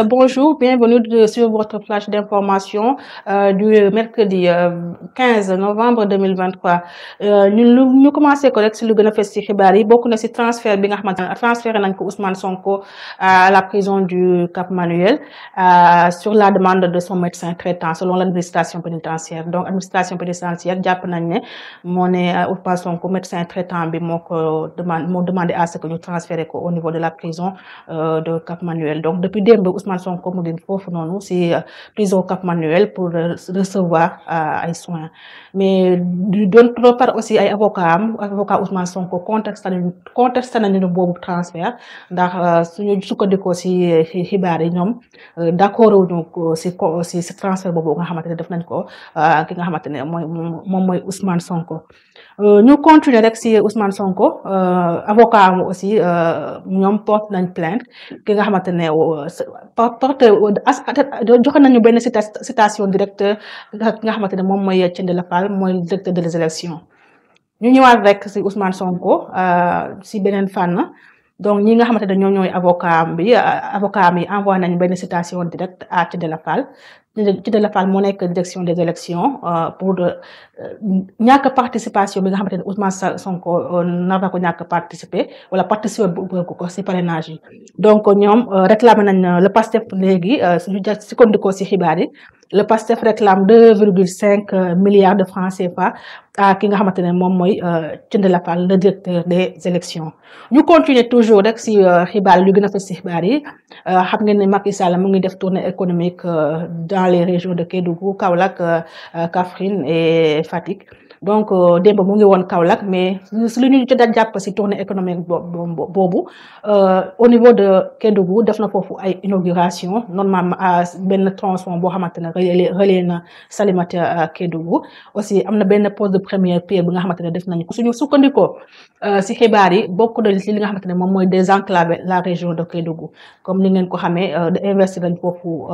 Euh, bonjour, bienvenue de, sur votre flash d'information euh, du mercredi euh, 15 novembre 2023 euh, ñun ñu rek si lu gën a fës si xibaar yi bokk na si transfert bi nga xamante ne transféré nañ ko Ousmane Sonko euh, à la prison du Cap Manuel euh, sur la demande de son médecin traitant selon l'administration pénitentiaire donc administration pénitentiaire jàpp nañ ne moo ne Ousmane Sonko médecin traitant bi moo ko demande moo demandé à ce que ñu transféré ko au niveau de la prison de Cap Manuel donc depuis démb Ousmane Sonko mu ngi foofu noonu si euh, prison Cap Manuel pour euh, recevoir euh, ay soins mais du trop par aussi ay avocats am avocat Ousmane Sonko contesté nañu contesté nañu boobu transfert ndax suñu sukkandikoo si xibaar yi ñoom d'accord wuñu si si si transfert boobu nga xamante ne def nañ ko ki nga xamante ne mooy moom Sonko. ñu continuer rek si Ousmane Sonko avocat aussi porte nañ plainte ki nga xamante ne. porte as joxe nañu benn sitation directeur nga xamante ne moom mooy Thiendella Fall mooy directeur de les élections ñu ñëwaat rek si Ousmane Sonko si euh, beneen fànn donc ñi nga xamante ne ñoom ñooy avocat bi avocat bi envoyé nañu benn citation directe à Thiendella Fall Djibril Dalla Fall moo nekk direction des élections euh, pour euh, ñàkk participation bi nga xamante ne Ousmane Sonko euh, nar na ko ñàkk participer wala participer bu ko si parrainage yi. donc ñoom réclame nañ le PASTEF léegi suñu ja sukkandikoo si xibaar yi le PASTEF réclame deux virgule cinq milliards de francs CFA à ki nga xamante ne moom mooy Djibril Dalla Fall le directeur des élections ñu continuer toujours rek si xibaar yu gën xibaar yi xam ngeen ne Macky Sall mu ngi def tournée économique dans les régions de Kédougou, Kaolak, euh, euh, Kafrine et Fatik. donc euh, démb mu ngi woon Kaolack mais su lu ñu jot a jàpp si tournée économique boobu euh, au niveau de Kédougou def na foofu ay inauguration normalement benn tronçon boo xamante ne relais na Salémata euh, Kédougou aussi am na benn poste de première pierre bi nga xamante ne def nañu ko suñu sukkandikoo si xibaar yi bokk na li nga xamante ne moom mooy désenclaver la région de Kédougou comme ni ngeen ko xamee de investir nañ foofu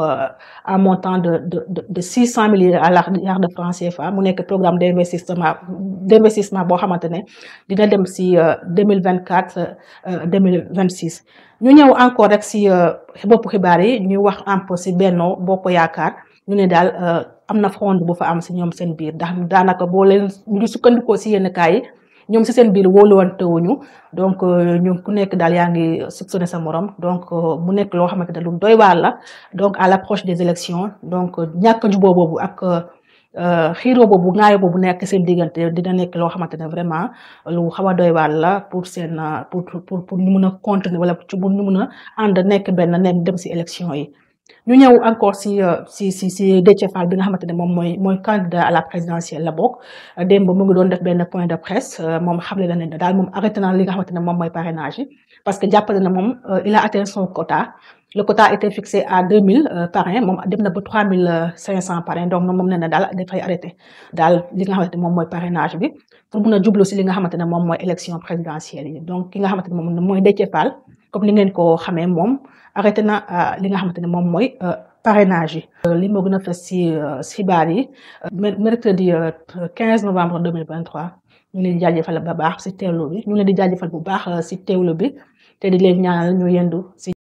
un montant de de de six cent milliards de francs CFA mu nekk programme d'investissement investissement d' investissement boo xamante ne dina dem si euh, deux mille vingt quatre euh, euh, deux mille vingt six. ñu ñëw encore rek si bopp xibaar yi ñu wax impôt si Benno Bokk Yaakaar ñu ne daal am na fond bu fa am si ñoom seen biir ndax daanaka boo leen ñu ngi sukkandikoo si yenn kaay yi ñoom si seen biir wóoluwantewuñu donc ñu ku nekk daal yaa ngi soupçonné sa moroom donc mu nekk loo xamante ne lu doy waar la donc à l' approche des élections donc ñàkk juboo boobu ak. Euh, xiiroo boobu ngaayoo boobu nekk seen diggante dina nekk loo xamante ne vraiment lu xaw a doy la pour seen pour pour pour ñu mun a continuer wala pour ñu mun a ànd nekk benn nekk dem si élection yi. ñu ñëw encore si euh, si si si Déthié Fall bi nga xamante ne moom mooy mooy présidentielle la bokk démb mu ngi doon def benn point de presse euh, moom xamle na ne daal moom arrêté na li mooy na ne euh, a atteint son le moom dem na ba trois mille cinq na daal dafay arrêté daal li nga xamante pour mun a jublu si li nga xamante ne moom mooy élection présidentielle donc ki nga xamante ne moom mooy comme ni ngeen ko xamee moom arrêté na euh, li nga xamante ne moom mooy euh, parrainage yi. Euh, li moo gën a fës si si xibaar yi. mercredi 15 novembre 2023 ñu leen di jaajëfal bu baax si teewlu bi ñu leen di jaajëfal bu baax si teewlu bi te di leen yendu si.